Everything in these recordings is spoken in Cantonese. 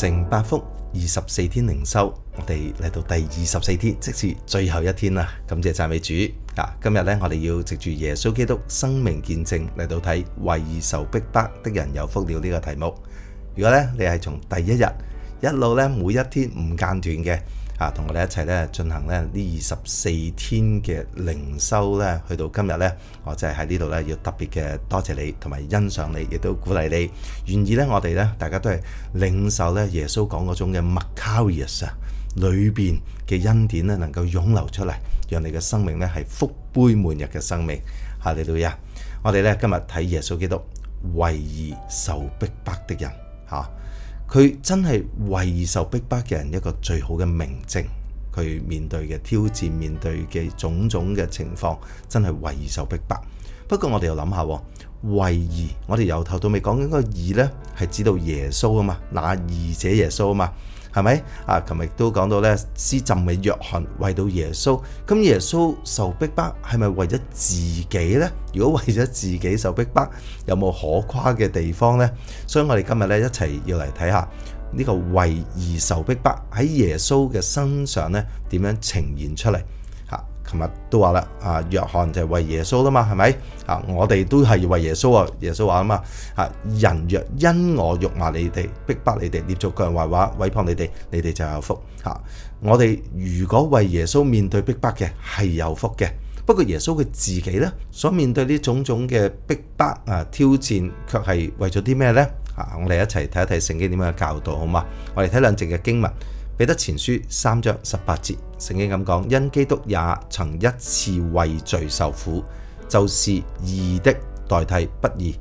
承八福二十四天靈修，我哋嚟到第二十四天，即是最後一天啦。感謝讚美主啊！今日咧，我哋要藉住耶穌基督生命見證嚟到睇為義受逼迫的人有福了呢、這個題目。如果咧你係從第一日一路咧每一天唔間斷嘅。啊，同我哋一齊咧進行咧呢二十四天嘅靈修咧，去到今日咧，我就係喺呢度咧要特別嘅多謝你，同埋欣賞你，亦都鼓勵你。願意咧，我哋咧大家都係領受咧耶穌講嗰種嘅麥卡里斯啊裏邊嘅恩典咧，能夠湧流出嚟，讓你嘅生命咧係福杯滿溢嘅生命。哈利路亞！我哋咧今日睇耶穌基督為義受逼迫的人，嚇。佢真係為義受逼迫嘅人一個最好嘅明證，佢面對嘅挑戰，面對嘅種種嘅情況，真係為義受逼迫,迫。不過我哋又諗下，為義，我哋由頭到尾講緊個義呢，係指到耶穌啊嘛，嗱義者耶穌嘛。係咪啊？琴日亦都講到咧，施浸嘅約翰為到耶穌，咁耶穌受逼迫係咪為咗自己咧？如果為咗自己受逼迫，有冇可誇嘅地方咧？所以我哋今日咧一齊要嚟睇下呢個為義受逼迫喺耶穌嘅身上咧點樣呈現出嚟。琴日都話啦，啊，約翰就係為耶穌啦嘛，係咪？啊，我哋都係為耶穌啊！耶穌話啦嘛，啊，人若因我辱罵你哋、逼迫你哋、捏造各樣壞話、毀謗你哋，你哋就有福。吓，我哋如果為耶穌面對逼迫嘅係有福嘅。不過耶穌佢自己咧，所面對呢種種嘅逼迫啊挑戰，卻係為咗啲咩呢？吓，我哋一齊睇一睇聖經點樣嘅教導好嘛？我哋睇兩節嘅經文。彼得前書三章十八節，聖經咁講：因基督也曾一次為罪受苦，就是義的代替不義，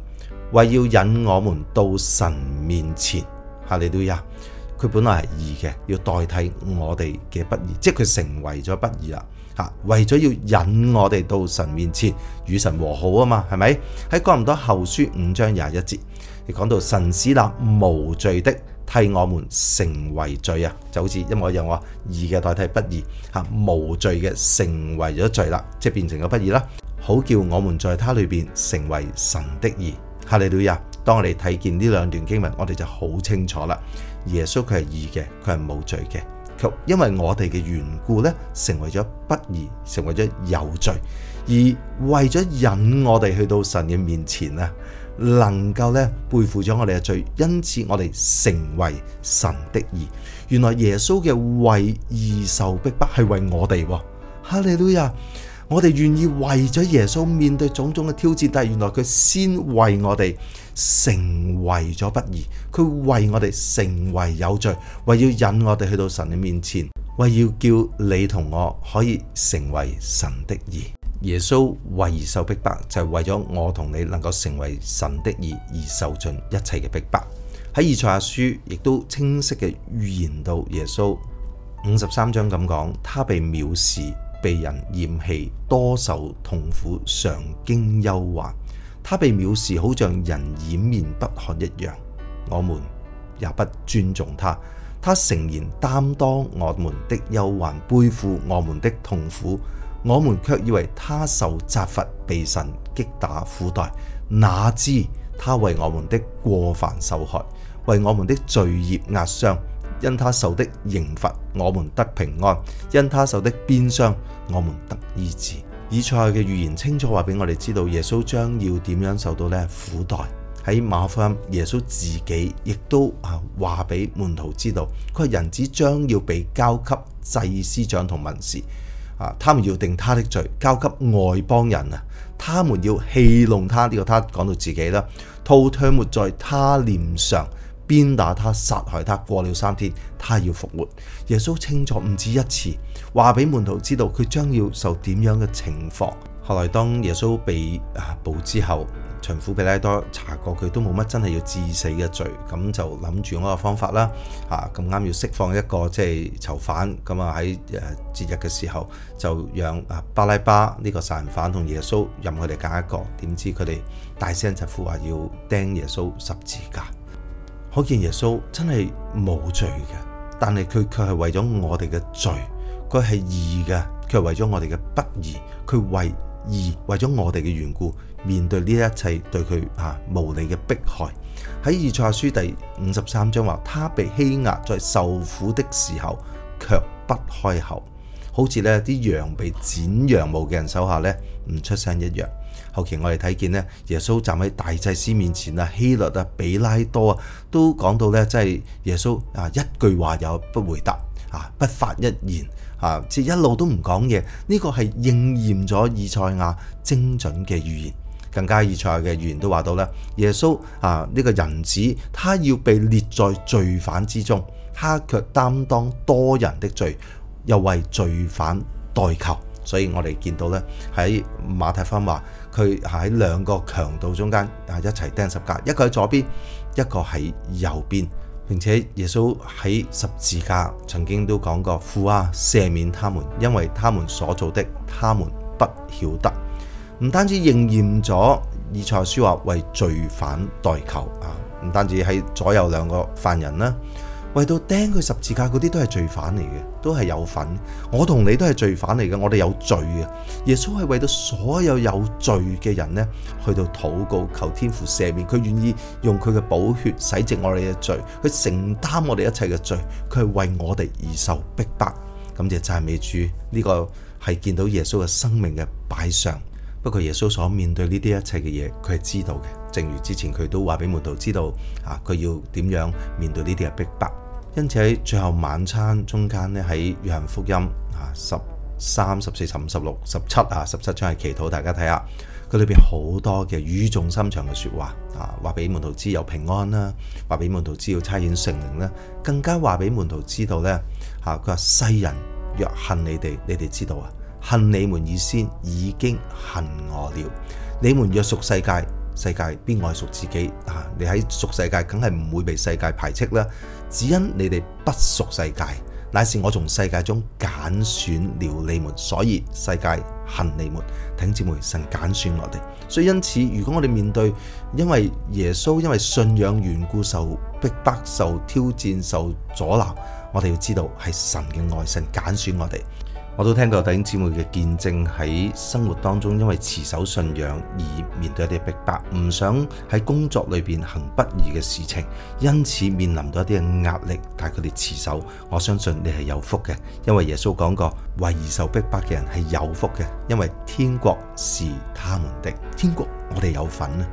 為要引我們到神面前。哈利路亞！佢本來係義嘅，要代替我哋嘅不義，即係佢成為咗不義啦。吓，為咗要引我哋到神面前，與神和好啊嘛，係咪？喺哥林多後書五章廿一節，亦講到神使那無罪的。替我們成為罪啊，就好似一我有話義嘅代替不義吓，無罪嘅成為咗罪啦，即係變成咗不義啦，好叫我們在他裏面成為神的義。哈利路亞！當我哋睇見呢兩段經文，我哋就好清楚啦。耶穌佢係義嘅，佢係無罪嘅，卻因為我哋嘅緣故呢，成為咗不義，成為咗有罪，而為咗引我哋去到神嘅面前啊！能夠咧，背負咗我哋嘅罪，因此我哋成為神的義。原來耶穌嘅為義受逼迫，係為我哋。哈利路亞，我哋願意為咗耶穌面對種種嘅挑戰，但係原來佢先為我哋成為咗不義，佢為我哋成為有罪，為要引我哋去到神嘅面前，為要叫你同我可以成為神的義。耶穌為義受逼迫就係、是、為咗我同你能夠成為神的義而受盡一切嘅逼迫。喺《以賽亞書》亦都清晰嘅預言到耶穌五十三章咁講，他被藐視，被人厭棄，多受痛苦，常經憂患。他被藐視，好像人掩面不看一樣。我們也不尊重他。他誠然擔當我們的憂患，背負我們的痛苦。我們卻以為他受責罰，被神擊打苦待，哪知他為我們的過犯受害，為我們的罪孽壓傷。因他受的刑罰，我們得平安；因他受的鞭傷，我們得醫治。以賽亞嘅預言清楚話俾我哋知道，耶穌將要點樣受到咧苦待。喺馬可福音，耶穌自己亦都啊話俾門徒知道，佢話人子將要被交給祭司長同文士。啊！他們要定他的罪，交給外邦人啊！他們要戲弄他呢、這個他，講到自己啦，吐唾沫在他臉上，鞭打他，殺害他。過了三天，他要復活。耶穌清楚唔止一次話俾門徒知道，佢將要受點樣嘅情況。後來當耶穌被啊捕之後，巡撫彼拉多查過佢都冇乜真係要致死嘅罪，咁就諗住用一個方法啦。嚇咁啱要釋放一個即係囚犯，咁啊喺誒節日嘅時候就讓啊巴拉巴呢個殺人犯同耶穌任佢哋揀一個，點知佢哋大聲疾呼話要釘耶穌十字架。可見耶穌真係冇罪嘅，但係佢卻係為咗我哋嘅罪，佢係義嘅，佢係為咗我哋嘅不義，佢為。而為咗我哋嘅緣故，面對呢一切對佢啊無理嘅迫害，喺《以賽亞書》第五十三章話，他被欺壓在受苦的時候，卻不開口，好似呢啲羊被剪羊毛嘅人手下呢唔出聲一樣。後期我哋睇見呢，耶穌站喺大祭司面前啊，希律啊、彼拉多啊，都講到呢，即係耶穌啊，一句話也不回答啊，不發一言。啊！即一路都唔講嘢，呢個係應驗咗以賽亞精準嘅預言。更加以賽亞嘅預言都話到咧，耶穌啊呢個人子，他要被列在罪犯之中，他卻擔當多人的罪，又為罪犯代求。所以我哋見到咧，喺馬太福音話，佢喺兩個強盜中間啊一齊釘十架，一個喺左邊，一個喺右邊。並且耶穌喺十字架曾經都講過：父啊，赦免他們，因為他們所做的，他們不曉得。唔單止應驗咗，以賽書話為罪犯代求啊，唔單止喺左右兩個犯人啦，為到釘佢十字架嗰啲，都係罪犯嚟嘅。都係有份，我同你都係罪犯嚟嘅，我哋有罪嘅。耶穌係為到所有有罪嘅人呢，去到禱告求天父赦免，佢願意用佢嘅寶血洗淨我哋嘅罪，佢承擔我哋一切嘅罪，佢係為我哋而受逼迫。咁就讚美主，呢、呢個係見到耶穌嘅生命嘅擺上。不過耶穌所面對呢啲一切嘅嘢，佢係知道嘅，正如之前佢都話俾門徒知道，啊，佢要點樣面對呢啲嘅逼迫。跟住喺最後晚餐中間呢，喺《約翰福音》啊十三、十四、十五、十六、十七啊十七章係祈禱。大家睇下佢裏邊好多嘅語重心長嘅説話啊，話俾門徒知有平安啦，話俾門徒知要差遣聖靈啦，更加話俾門徒知道咧啊，佢話世人若恨你哋，你哋知道啊，恨你們以先已經恨我了，你們若屬世界。世界必愛屬自己啊！你喺屬世界，梗係唔會被世界排斥啦。只因你哋不屬世界，乃是我從世界中揀選了你們，所以世界恨你們。弟兄姊妹，神揀選我哋，所以因此，如果我哋面對因為耶穌、因為信仰緣故受逼迫、受挑戰、受阻撓，我哋要知道係神嘅愛，神揀選我哋。我都聽過弟兄姊妹嘅見證，喺生活當中因為持守信仰而面對一啲逼迫，唔想喺工作裏邊行不義嘅事情，因此面臨到一啲嘅壓力，但係佢哋持守。我相信你係有福嘅，因為耶穌講過，為義受逼迫嘅人係有福嘅，因為天國是他們的。天國我哋有份啊！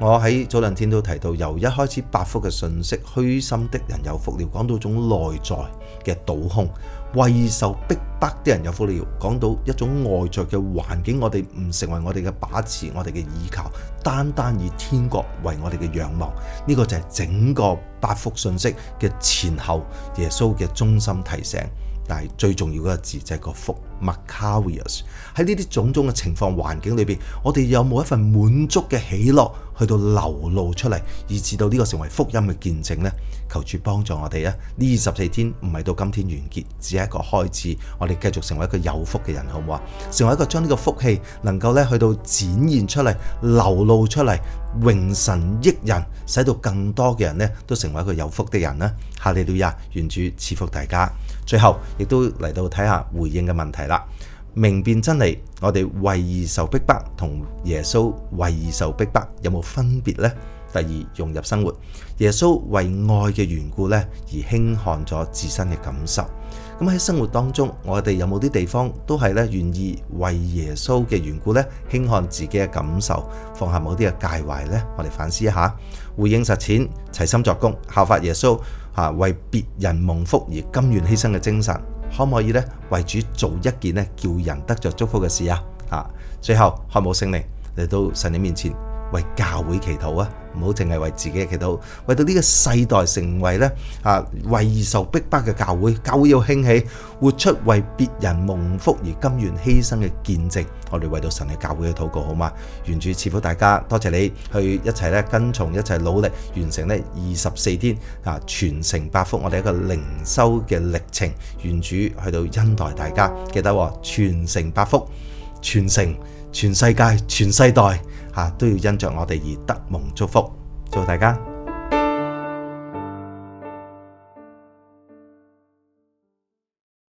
我喺早兩天都提到，由一開始八福嘅信息，虛心的人有福了，講到一種內在嘅倒空，為受逼迫啲人有福了，講到一種外在嘅環境，我哋唔成為我哋嘅把持，我哋嘅依靠，單單以天國為我哋嘅仰望，呢、這個就係整個八福信息嘅前後，耶穌嘅中心提醒。但最重要嘅字，就係、是、個福。Macarius 喺呢啲種種嘅情況環境裏邊，我哋有冇一份滿足嘅喜樂，去到流露出嚟，以至到呢個成為福音嘅見證呢？求主幫助我哋啊！呢二十四天唔係到今天完結，只係一個開始。我哋繼續成為一個有福嘅人，好唔好啊？成為一個將呢個福氣能夠咧去到展現出嚟、流露出嚟，榮神益人，使到更多嘅人咧都成為一個有福嘅人啦！哈利路亞！願主賜福大家。最後亦都嚟到睇下回應嘅問題啦。明辨真理，我哋為義受逼迫同耶穌為義受逼迫有冇分別呢？第二，融入生活，耶穌為愛嘅緣故咧而輕看咗自身嘅感受。咁喺生活當中，我哋有冇啲地方都係咧願意為耶穌嘅緣故咧輕看自己嘅感受，放下某啲嘅介懷呢？我哋反思一下，回應實踐，齊心作工，效法耶穌啊，為別人蒙福而甘願犧牲嘅精神，可唔可以咧為主做一件咧叫人得着祝福嘅事啊？啊，最後渴慕聖靈嚟到神你面前。為教會祈禱啊！唔好淨係為自己嘅，祈禱，為到呢個世代成為呢啊為義受逼迫嘅教會，教會要興起，活出為別人蒙福而甘願犧牲嘅見證。我哋為到神嘅教會去禱告，好嗎？願主賜福大家。多謝你去一齊咧跟從，一齊努力完成咧二十四天啊，傳承八福。我哋一個靈修嘅歷程，願主去到恩待大家。記得傳承八福，傳承全世界，全世代。吓都要因着我哋而得蒙祝福，祝大家。